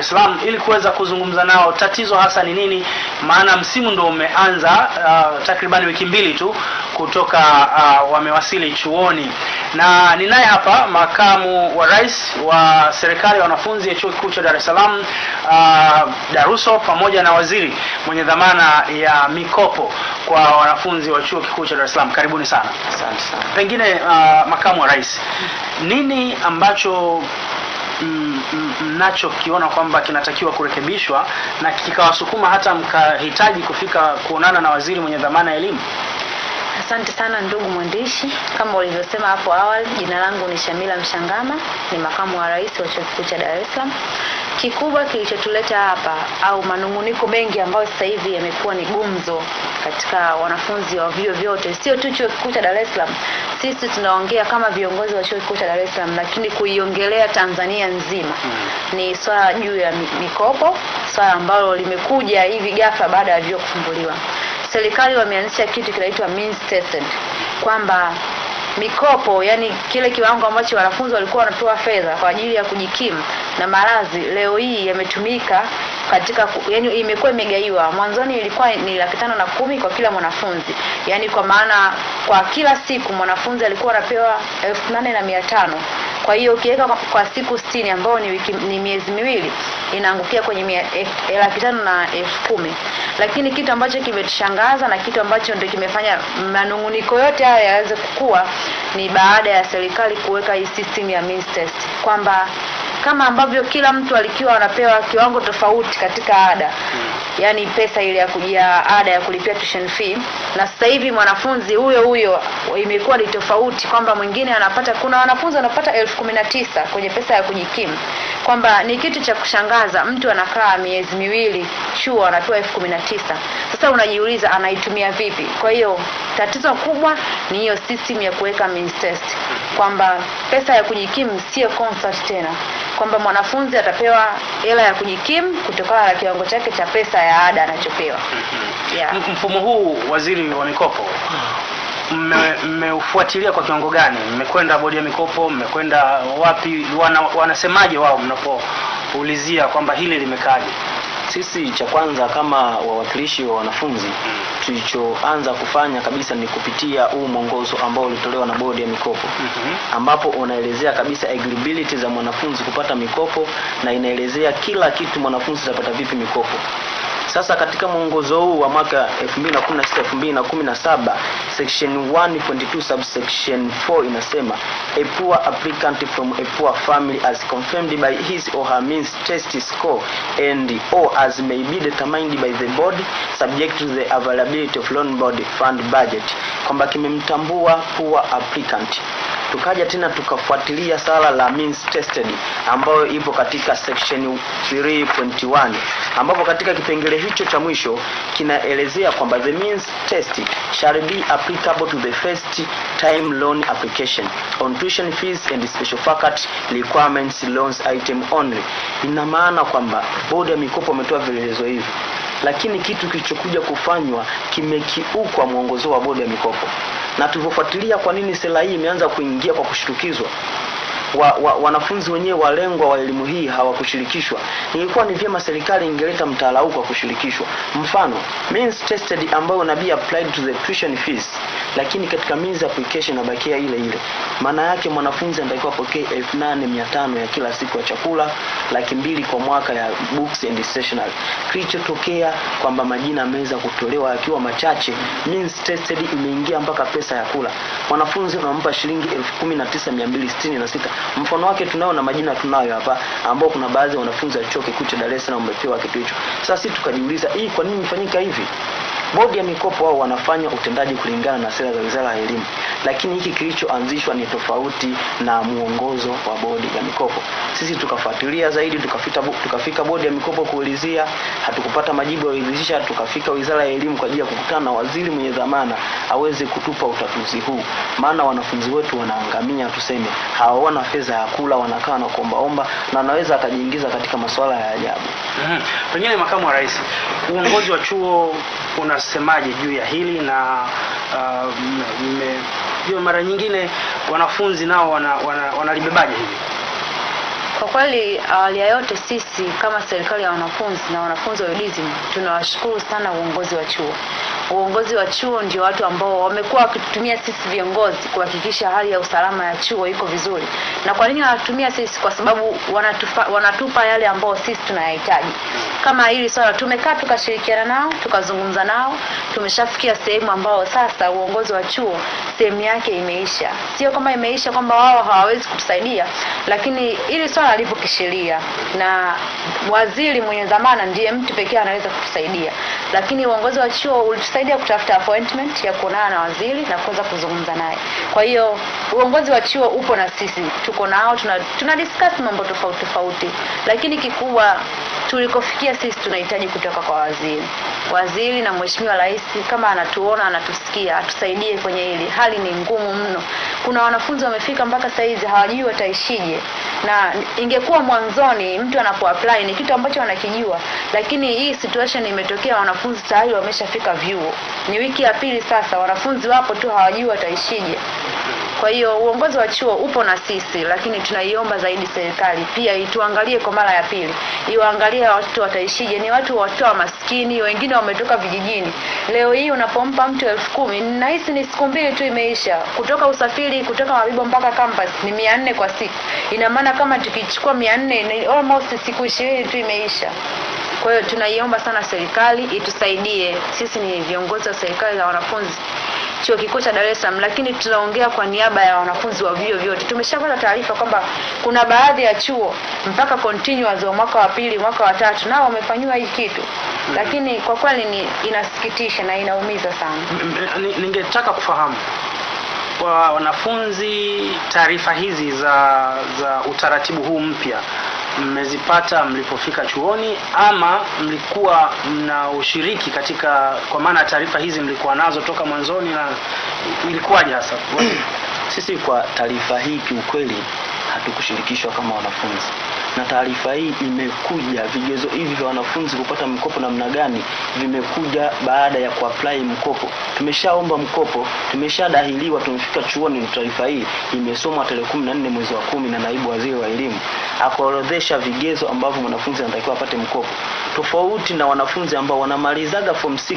Islam ili kuweza kuzungumza nao tatizo hasa ni nini, maana msimu ndio umeanza uh, takriban wiki mbili tu kutoka uh, wamewasili chuoni, na ninaye hapa makamu wa rais wa serikali ya wanafunzi ya chuo kikuu cha Dar es Salaam uh, Daruso, pamoja na waziri mwenye dhamana ya mikopo kwa wanafunzi wa chuo kikuu cha Dar es Salaam. Karibuni sana. Asante sana. Pengine uh, makamu wa rais, nini ambacho mnachokiona kwamba kinatakiwa kurekebishwa na kikawasukuma hata mkahitaji kufika kuonana na waziri mwenye dhamana ya elimu? Asante sana ndugu mwandishi, kama ulivyosema hapo awali, jina langu ni Shamila Mshangama, ni makamu wa rais wa chuo kikuu cha Dar es Salaam. Kikubwa kilichotuleta hapa au manunguniko mengi ambayo sasa hivi yamekuwa ni gumzo katika wanafunzi wa vyuo vyote, sio tu chuo kikuu cha Dar es Salaam. Sisi tunaongea kama viongozi wa chuo kikuu cha Dar es Salaam, lakini kuiongelea Tanzania nzima ni swala juu ya mikopo, swala ambalo limekuja hivi ghafla baada ya vyuo kufunguliwa serikali wameanzisha kitu kinaitwa means tested, kwamba mikopo yani kile kiwango ambacho wanafunzi walikuwa wanapewa fedha kwa ajili ya kujikimu na maradhi, leo hii yametumika katika yani, imekuwa imegaiwa. Mwanzoni ilikuwa ni laki tano na kumi kwa kila mwanafunzi, yani kwa maana kwa kila siku mwanafunzi alikuwa anapewa elfu nane na mia tano kwa hiyo ukiweka kwa, kwa siku sitini ambayo ni, wiki, ni miezi miwili inaangukia kwenye e, e, laki tano na elfu kumi lakini kitu ambacho kimetushangaza na kitu ambacho ndio kimefanya manunguniko yote haya yaweze kukua ni baada ya serikali kuweka hii system ya kwamba kama ambavyo kila mtu alikiwa anapewa kiwango tofauti katika ada yani pesa ile ya kujia ada ya kulipia tuition fee, na sasa hivi mwanafunzi huyo huyo imekuwa ni tofauti kwamba mwingine anapata, kuna wanafunzi wanapata elfu kumi na tisa kwenye pesa ya kujikimu, kwamba ni kitu cha kushangaza. Mtu anakaa miezi miwili chuo anapewa elfu kumi na tisa Sasa unajiuliza anaitumia vipi? Kwa hiyo tatizo kubwa ni hiyo system ya kuweka means test, kwamba pesa ya kujikimu sio constant tena, kwamba mwanafunzi atapewa hela ya kujikimu kutokana na kiwango chake cha pesa ya ada anachopewa. yeah. Mfumo huu waziri wa mikopo mmeufuatilia kwa kiwango gani? Mmekwenda bodi ya mikopo, mmekwenda wapi? Wana, wanasemaje wao mnapoulizia kwamba hili limekaaje? Sisi cha kwanza kama wawakilishi wa wanafunzi mm. tulichoanza kufanya kabisa ni kupitia huu mwongozo ambao ulitolewa na bodi ya mikopo mm -hmm. ambapo unaelezea kabisa eligibility za mwanafunzi kupata mikopo na inaelezea kila kitu mwanafunzi atapata vipi mikopo. Sasa katika mwongozo huu wa mwaka 2016 2017 section 1.2 subsection 4 inasema a poor applicant from a poor family as confirmed by his or her means test score and or as may be determined by the board subject to the availability of loan board fund budget, kwamba kimemtambua poor applicant tukaja tena tukafuatilia sala la means tested ambayo ipo katika section 3.1 ambapo katika kipengele hicho cha mwisho kinaelezea kwamba the means test shall be applicable to the first time loan application on tuition fees and special faculty requirements loans item only. Ina maana kwamba bodi ya mikopo ametoa vielezo hivi, lakini kitu kilichokuja kufanywa kimekiukwa mwongozo wa bodi ya mikopo, na tulivyofuatilia kwa nini sera hii imeanza kuingia kwa kushtukizwa wa, wa, wanafunzi wenyewe walengwa wa elimu hii hawakushirikishwa. Ilikuwa ni vyema serikali ingeleta mtaala huu kwa kushirikishwa. Mfano, means tested ambayo nabii applied to the tuition fees, lakini katika means application nabakia ile ile. Maana yake mwanafunzi anatakiwa apokee 8500 ya kila siku ya chakula, laki mbili kwa mwaka ya books and stationery. Kilichotokea kwamba majina ameweza kutolewa akiwa machache, means tested imeingia mpaka pesa ya kula. Mwanafunzi unampa shilingi na sita Mfano wake tunao na majina tunayo hapa, ambao kuna baadhi ya wanafunzi wa chuo kikuu cha Dar es Salaam wamepewa kitu hicho. Sasa sisi tukajiuliza, hii kwa nini ifanyika hivi? Bodi ya mikopo wao wanafanya utendaji kulingana na sera za Wizara ya Elimu, lakini hiki kilichoanzishwa ni tofauti na mwongozo wa bodi ya mikopo. Sisi tukafuatilia zaidi, tukafika, tukafika bodi ya mikopo kuulizia, hatukupata majibu yaliyoridhisha. Tukafika Wizara ya Elimu kwa ajili ya kukutana na waziri mwenye dhamana aweze kutupa utatuzi huu, maana wanafunzi wetu wanaangamia, tuseme hawana pesa ya kula, wanakaa na kuombaomba, na anaweza akajiingiza katika masuala ya ajabu. Mm -hmm. Pengine makamu wa rais, uongozi wa chuo unasemaje juu ya hili na uh, mara nyingine wanafunzi nao wanalibebaje wana, wana hili? Kwa kweli awali ya yote, sisi kama serikali ya wanafunzi na wanafunzi wa UDSM tunawashukuru sana uongozi wa chuo. Uongozi wa chuo ndio watu ambao wamekuwa wakitutumia sisi viongozi kuhakikisha hali ya usalama ya chuo iko vizuri. Na kwa nini wanatumia sisi? Kwa sababu wanatufa, wanatupa yale ambayo sisi tunayahitaji. Kama hili swala tumekaa tukashirikiana nao tukazungumza nao, tumeshafikia sehemu ambao sasa uongozi wa chuo sehemu yake imeisha. Sio kama imeisha kwamba wao hawawezi kutusaidia, lakini hili swala alivyo kisheria, na waziri mwenye dhamana ndiye mtu pekee anaweza kutusaidia. Lakini uongozi wa chuo ulitusaidia kutafuta appointment ya kuonana na waziri na kuweza kuzungumza naye. Kwa hiyo uongozi wa chuo upo na sisi, tuko nao, tuna, tuna discuss mambo tofauti tofauti, lakini kikubwa Tulikofikia sisi tunahitaji kutoka kwa waziri, waziri na mheshimiwa rais, kama anatuona anatusikia, atusaidie kwenye hili. Hali ni ngumu mno, kuna wanafunzi wamefika mpaka saa hizi hawajui wataishije, na ingekuwa mwanzoni mtu anapoapply ni kitu ambacho anakijua, lakini hii situation imetokea, wanafunzi tayari wameshafika vyuo, ni wiki ya pili sasa, wanafunzi wapo tu hawajui wataishije. Kwa hiyo uongozi wa chuo upo na sisi, lakini tunaiomba zaidi serikali pia ituangalie kwa mara ya pili, iwaangalie watoto wataishije. Ni watu watoa maskini, wengine wametoka vijijini. Leo hii unapompa mtu elfu kumi nahisi ni siku mbili tu imeisha, kutoka usafiri kutoka Mabibo mpaka campus ni mia nne kwa siku. Ina maana kama tukichukua mia nne almost siku ishirini tu imeisha. Kwa hiyo tunaiomba sana serikali itusaidie, sisi ni viongozi wa serikali za wanafunzi chuo kikuu cha Dar es Salaam, lakini tunaongea kwa niaba ya wanafunzi wa vyuo vyote. Tumeshapata taarifa kwamba kuna baadhi ya chuo mpaka continuous wa mwaka wa pili, mwaka wa tatu nao wamefanyiwa hii kitu mm. Lakini kwa kweli ni inasikitisha na inaumiza sana. Ningetaka kufahamu kwa wanafunzi, taarifa hizi za za utaratibu huu mpya mmezipata mlipofika chuoni ama mlikuwa mna ushiriki katika, kwa maana taarifa hizi mlikuwa nazo toka mwanzoni, na ilikuwaje hasa? Sisi kwa taarifa hii kiukweli hatukushirikishwa kama wanafunzi na taarifa hii imekuja, vigezo hivi vya wanafunzi kupata mkopo namna gani vimekuja baada ya kuapply mkopo. Tumeshaomba mkopo, tumeshadahiliwa, tumefika chuoni. Taarifa hii imesomwa tarehe 14 mwezi wa kumi na naibu waziri wa elimu akaorodhesha vigezo ambavyo mwanafunzi anatakiwa apate mkopo, tofauti na wanafunzi ambao wanamalizaga form 6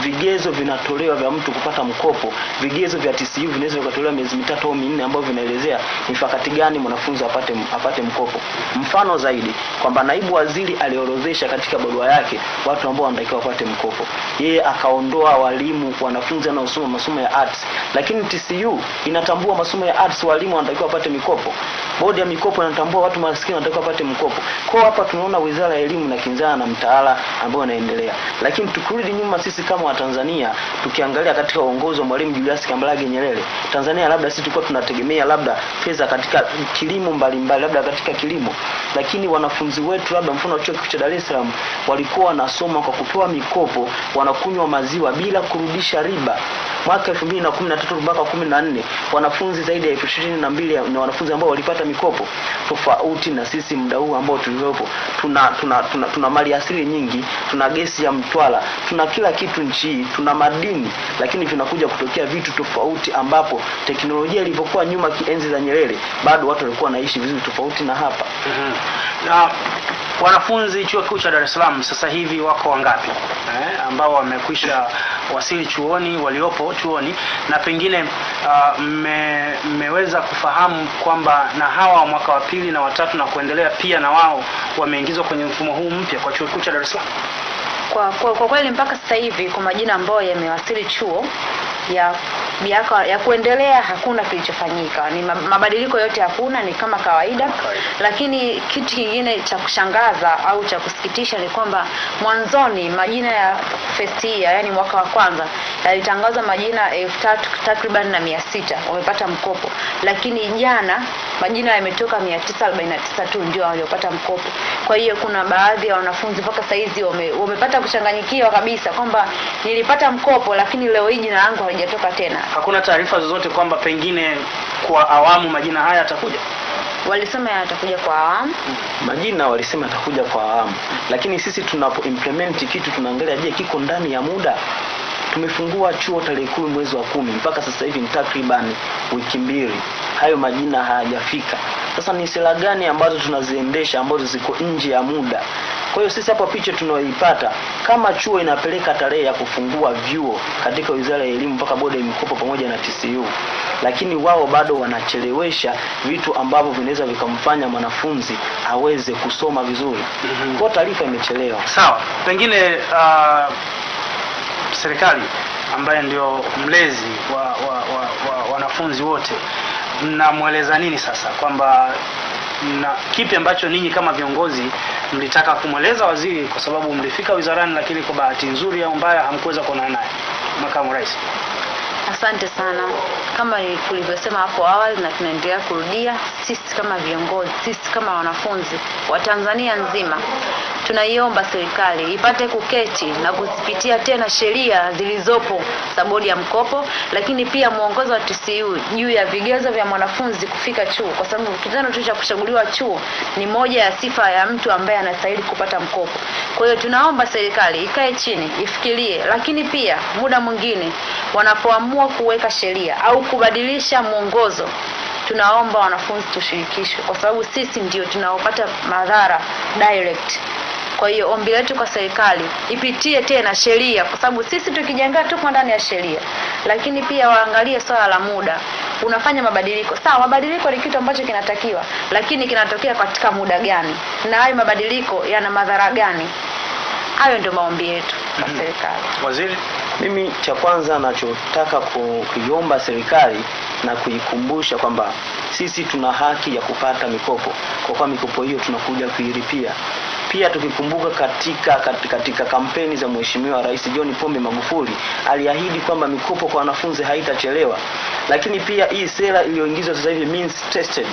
vigezo vinatolewa vya mtu kupata mkopo. Vigezo vya TCU vinaweza vikatolewa miezi mitatu au minne, ambavyo vinaelezea mikakati gani mwanafunzi apate apate mkopo mfano zaidi kwamba naibu waziri aliorodhesha katika barua yake watu ambao wanatakiwa wapate mkopo, yeye akaondoa walimu, wanafunzi wanaosoma masomo ya arts, lakini TCU inatambua masomo ya arts, walimu wanatakiwa wapate mikopo, bodi ya mikopo inatambua watu maskini wanatakiwa wapate mkopo. Kwa hapa tunaona wizara ya elimu inakinzana na mtaala ambao unaendelea, lakini tukirudi nyuma sisi kama Watanzania tukiangalia katika uongozi wa Mwalimu Julius Kambarage Nyerere, Tanzania labda sisi tulikuwa tunategemea labda fedha katika kilimo mbalimbali mbali, labda katika kilimo lakini wanafunzi wetu labda mfano wa chuo kikuu cha Dar es Salaam walikuwa wanasoma kwa kupewa mikopo, wanakunywa maziwa bila kurudisha riba. Mwaka 2013 mpaka 14 wanafunzi zaidi ya elfu ishirini na mbili ni wanafunzi ambao walipata mikopo, tofauti na sisi muda huu ambao tuliopo tuna, tuna, tuna, tuna mali asili nyingi, tuna gesi ya Mtwara, tuna kila kitu nchi hii, tuna madini, lakini vinakuja kutokea vitu tofauti, ambapo teknolojia ilivyokuwa nyuma kienzi za Nyerere, bado watu walikuwa wanaishi vizuri, tofauti na hapa. Mhm. na wanafunzi chuo kikuu cha Dar es Salaam sasa hivi wako wangapi eh, ambao wamekwisha wasili chuoni waliopo chuoni na pengine uh, mmeweza kufahamu kwamba na hawa mwaka wa pili na watatu na kuendelea pia na wao wameingizwa kwenye mfumo huu mpya kwa chuo kikuu cha Dar es Salaam? Kwa, kwa, kwa kweli mpaka sasa hivi kwa majina ambayo yamewasili chuo ya miaka ya kuendelea hakuna kilichofanyika, ni mabadiliko yote hakuna, ni kama kawaida. Lakini kitu kingine cha kushangaza au cha kusikitisha ni kwamba mwanzoni majina ya festia, yani mwaka wa kwanza yalitangazwa majina elfu tatu takriban na mia sita wamepata mkopo, lakini jana majina yametoka mia tisa arobaini na tisa tu ndio waliopata mkopo. Kwa hiyo kuna baadhi ya wanafunzi mpaka saizi wame, wamepata kuchanganyikiwa kabisa kwamba nilipata mkopo, lakini leo hii jina langu hajatoka tena. Hakuna taarifa zozote kwamba pengine kwa awamu majina haya yatakuja? Walisema yatakuja kwa awamu, majina walisema yatakuja kwa awamu, lakini sisi tunapo implement kitu tunaangalia, je, kiko ndani ya muda tumefungua chuo tarehe kumi mwezi wa kumi mpaka sasa hivi ni takriban wiki mbili, hayo majina hayajafika. Sasa ni sera gani ambazo tunaziendesha ambazo ziko nje ya muda kwa hiyo sisi hapo picha tunaoipata kama chuo inapeleka tarehe ya kufungua vyuo katika Wizara ya Elimu mpaka Bodi ya Mikopo pamoja na TCU, lakini wao bado wanachelewesha vitu ambavyo vinaweza vikamfanya mwanafunzi aweze kusoma vizuri. mm -hmm. Kwa taarifa imechelewa. Sawa, pengine uh, serikali ambaye ndio mlezi wa, wa, wa, wa wanafunzi wote mnamweleza nini sasa kwamba na kipi ambacho ninyi kama viongozi mlitaka kumweleza waziri, kwa sababu mlifika wizarani, lakini kwa bahati nzuri au mbaya hamkuweza kuonana naye makamu rais? Asante sana. Kama kulivyosema hapo awali na tunaendelea kurudia, sisi kama viongozi, sisi kama wanafunzi wa Tanzania nzima Tunaiomba serikali ipate kuketi na kuzipitia tena sheria zilizopo za bodi ya mkopo, lakini pia mwongozo wa TCU juu ya vigezo vya mwanafunzi kufika chuo, kwa sababu kitendo tu cha kuchaguliwa chuo ni moja ya sifa ya mtu ambaye anastahili kupata mkopo. Kwa hiyo tunaomba serikali ikae chini ifikirie, lakini pia muda mwingine wanapoamua kuweka sheria au kubadilisha mwongozo tunaomba wanafunzi tushirikishwe, kwa sababu sisi ndio tunaopata madhara direct. Kwa hiyo ombi letu kwa serikali ipitie tena sheria, kwa sababu sisi tukijenga tuko ndani ya sheria, lakini pia waangalie swala la muda. Unafanya mabadiliko sawa, mabadiliko ni kitu ambacho kinatakiwa, lakini kinatokea katika muda gani, na hayo mabadiliko yana madhara gani? Hayo ndio maombi yetu kwa mhm. serikali. Waziri, mimi cha kwanza nachotaka kuiomba serikali na kuikumbusha kwamba sisi tuna haki ya kupata mikopo kwa kuwa mikopo hiyo tunakuja kuilipia pia tukikumbuka katika, katika, katika kampeni za Mheshimiwa Rais John Pombe Magufuli aliahidi kwamba mikopo kwa wanafunzi haitachelewa, lakini pia hii sera iliyoingizwa sasa hivi means tested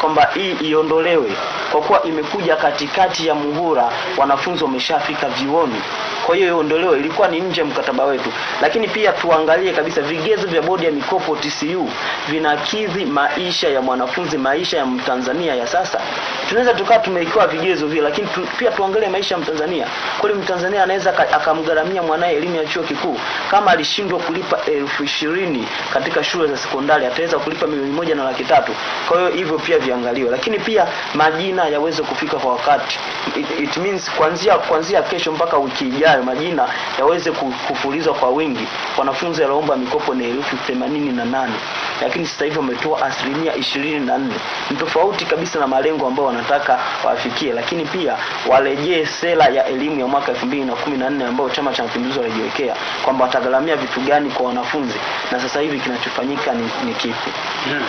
kwamba hii iondolewe kwa kuwa imekuja katikati ya muhura wanafunzi wameshafika vioni Kwa hiyo iondolewe, ilikuwa ni nje mkataba wetu. Lakini pia tuangalie kabisa vigezo vya bodi ya mikopo TCU vinakidhi maisha ya mwanafunzi, maisha ya Mtanzania ya sasa. Tunaweza tukaa tumewekewa vigezo vile, lakini tu, pia tuangalie maisha ya Mtanzania. Kweli Mtanzania anaweza akamgharamia mwanaye elimu ya chuo kikuu? Kama alishindwa kulipa elfu ishirini katika shule za sekondari, ataweza kulipa milioni moja na laki tatu? Kwa hiyo hivyo pia viangaliwe, lakini pia majina yaweze kufika kwa wakati. It, it means kuanzia kuanzia kesho mpaka wiki ijayo majina yaweze kufulizwa kwa wingi. Wanafunzi walioomba mikopo ni elfu themanini na nane lakini sasa hivi wametoa asilimia ishirini na nne. Ni tofauti kabisa na malengo ambayo wanataka wafikie, lakini pia warejee sera ya elimu ya mwaka elfu mbili na kumi na nne ambayo Chama cha Mapinduzi walijiwekea kwamba watagharamia vitu gani kwa wanafunzi, na sasa hivi kinachofanyika ni, ni kipi? hmm.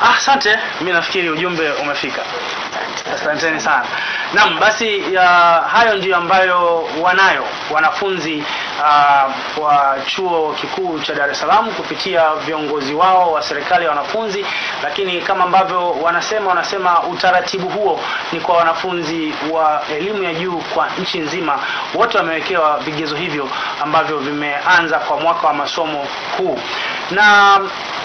Ah, asante mi nafikiri ujumbe umefika. Asanteni sana. Naam, mm. basi ya, hayo ndiyo ambayo wanayo wanafunzi uh, wa chuo kikuu cha Dar es Salaam kupitia viongozi wao wa serikali ya wanafunzi, lakini kama ambavyo wanasema wanasema utaratibu huo ni kwa wanafunzi wa elimu ya juu kwa nchi nzima, wote wamewekewa vigezo hivyo ambavyo vimeanza kwa mwaka wa masomo huu na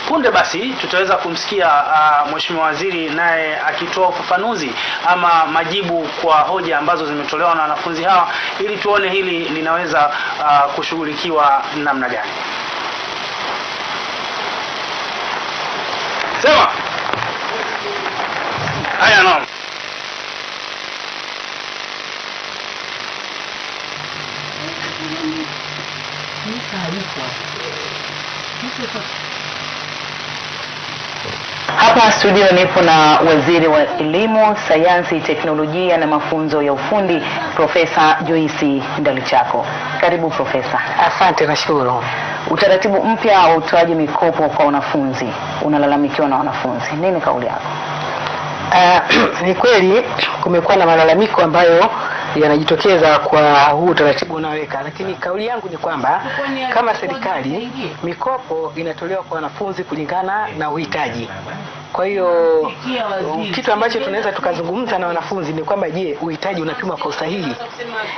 punde basi tutaweza kumsikia uh, mheshimiwa waziri naye akitoa ufafanuzi ama majibu kwa hoja ambazo zimetolewa na wanafunzi hawa ili tuone hili linaweza uh, kushughulikiwa namna gani. Sema. Haya no. Hapa studio nipo na waziri wa elimu, sayansi, teknolojia na mafunzo ya ufundi Profesa Joyce Ndalichako. Karibu Profesa. Asante, nashukuru. Utaratibu mpya wa utoaji mikopo kwa wanafunzi unalalamikiwa na wanafunzi, nini kauli yako? Uh, ni kweli kumekuwa na malalamiko ambayo yanajitokeza kwa huu utaratibu unaoweka, lakini kauli yangu ni kwamba kama serikali, mikopo inatolewa kwa wanafunzi kulingana na uhitaji. Kwa hiyo kitu ambacho tunaweza tukazungumza na wanafunzi ni kwamba, je, uhitaji unapimwa kwa usahihi?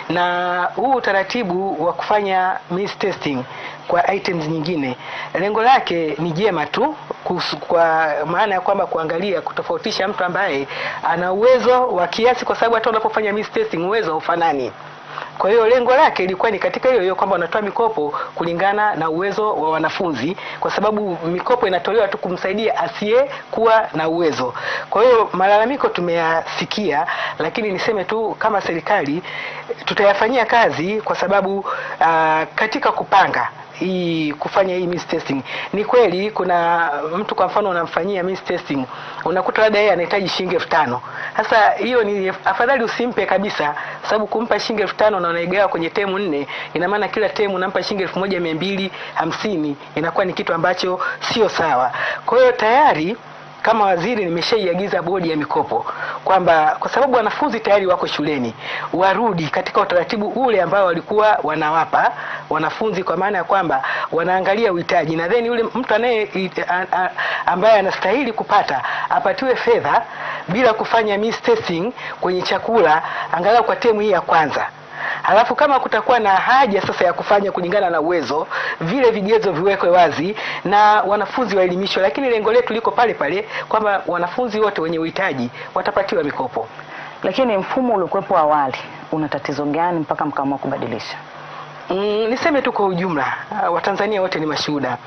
Na huu utaratibu wa kufanya means testing kwa items nyingine, lengo lake ni jema tu kusu, kwa maana ya kwamba kuangalia kutofautisha mtu ambaye ana uwezo wa kiasi, kwa sababu hata unapofanya means testing uwezo haufanani. Kwa hiyo lengo lake ilikuwa ni katika hiyo hiyo kwamba wanatoa mikopo kulingana na uwezo wa wanafunzi, kwa sababu mikopo inatolewa tu kumsaidia asiyekuwa na uwezo. Kwa hiyo malalamiko tumeyasikia, lakini niseme tu kama serikali tutayafanyia kazi, kwa sababu uh, katika kupanga hii kufanya hii means testing. Ni kweli kuna mtu kwa mfano unamfanyia means testing, unakuta labda yeye anahitaji shilingi elfu tano. Sasa hiyo ni afadhali usimpe kabisa, sababu kumpa shilingi elfu tano na unaigawa kwenye temu nne, ina maana kila temu unampa shilingi elfu moja mia mbili hamsini, inakuwa ni kitu ambacho sio sawa. Kwa hiyo tayari kama waziri nimeshaiagiza bodi ya mikopo kwamba kwa sababu wanafunzi tayari wako shuleni warudi katika utaratibu ule ambao walikuwa wanawapa wanafunzi, kwa maana ya kwamba wanaangalia uhitaji na then yule mtu anaye ambaye anastahili kupata apatiwe fedha bila kufanya mistesting kwenye chakula angalau kwa temu hii ya kwanza. Alafu kama kutakuwa na haja sasa ya kufanya kulingana na uwezo, vile vigezo viwekwe wazi na wanafunzi waelimishwe, lakini lengo letu liko pale pale kwamba wanafunzi wote wenye uhitaji watapatiwa mikopo. Lakini mfumo uliokuwepo awali una tatizo gani mpaka mkaamua kubadilisha? Mm, niseme tu kwa ujumla, uh, Watanzania wote ni mashuhuda,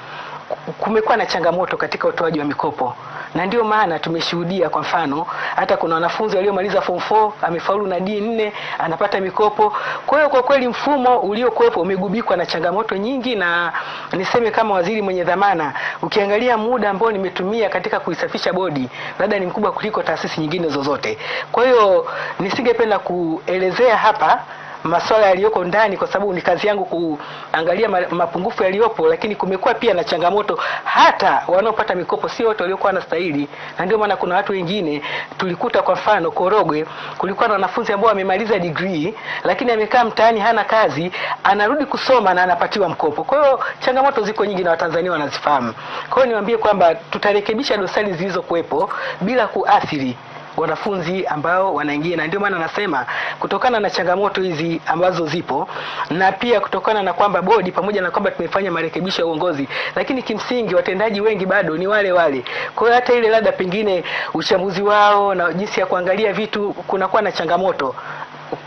kumekuwa na changamoto katika utoaji wa mikopo na ndio maana tumeshuhudia kwa mfano hata kuna wanafunzi waliomaliza form 4 amefaulu na D4 anapata mikopo. Kwa hiyo kwa kweli mfumo uliokuwepo umegubikwa na changamoto nyingi, na niseme kama waziri mwenye dhamana, ukiangalia muda ambao nimetumia katika kuisafisha bodi labda ni mkubwa kuliko taasisi nyingine zozote. Kwa hiyo nisingependa kuelezea hapa masuala yaliyoko ndani, kwa sababu ni kazi yangu kuangalia mapungufu yaliyopo, lakini kumekuwa pia na changamoto. Hata wanaopata mikopo sio wote waliokuwa wanastahili, na ndio maana kuna watu wengine tulikuta, kwa mfano Korogwe, kulikuwa na wanafunzi ambao wamemaliza degree, lakini amekaa mtaani hana kazi, anarudi kusoma na anapatiwa mkopo. Kwa hiyo changamoto ziko nyingi na Watanzania wanazifahamu. Kwa hiyo niwaambie kwamba tutarekebisha dosari zilizokuwepo bila kuathiri wanafunzi ambao wanaingia, na ndio maana nasema kutokana na changamoto hizi ambazo zipo na pia kutokana na kwamba bodi, pamoja na kwamba tumefanya marekebisho ya uongozi, lakini kimsingi watendaji wengi bado ni wale wale. Kwa hiyo hata ile labda pengine uchambuzi wao na jinsi ya kuangalia vitu kunakuwa na changamoto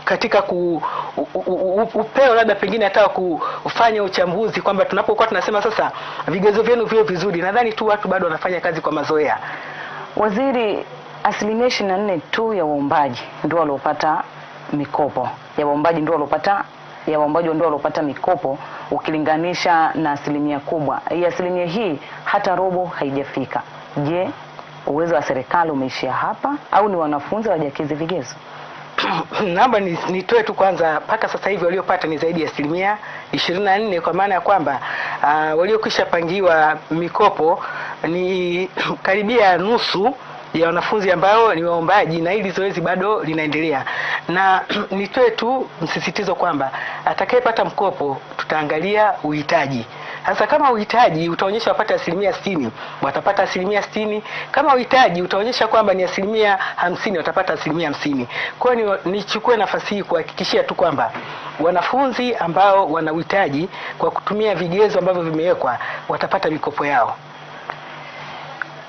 katika ku, upeo labda pengine hata kufanya uchambuzi kwamba tunapokuwa tunasema sasa vigezo vyenu vio vizuri, nadhani tu watu bado wanafanya kazi kwa mazoea. Waziri asilimia ishirini na nne tu ya waombaji ndio waliopata mikopo ya waombaji ndio waliopata ya waombaji ndio waliopata mikopo ukilinganisha na asilimia kubwa hii. Asilimia hii hata robo haijafika. Je, uwezo wa serikali umeishia hapa au ni wanafunzi hawajakidhi vigezo? Naomba nitoe tu kwanza, mpaka sasa hivi waliopata ni zaidi ya asilimia ishirini na nne kwa maana ya kwamba uh, waliokwisha pangiwa mikopo ni karibia nusu ya wanafunzi ambao ni waombaji, na hili zoezi bado linaendelea, na nitoe tu msisitizo kwamba atakayepata mkopo tutaangalia uhitaji sasa kama uhitaji utaonyesha wapate asilimia sitini watapata asilimia sitini Kama uhitaji utaonyesha kwamba ni asilimia hamsini watapata asilimia hamsini Kwa hiyo nichukue nafasi hii kuhakikishia tu kwamba wanafunzi ambao wana uhitaji kwa kutumia vigezo ambavyo vimewekwa watapata mikopo yao.